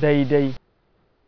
Day-day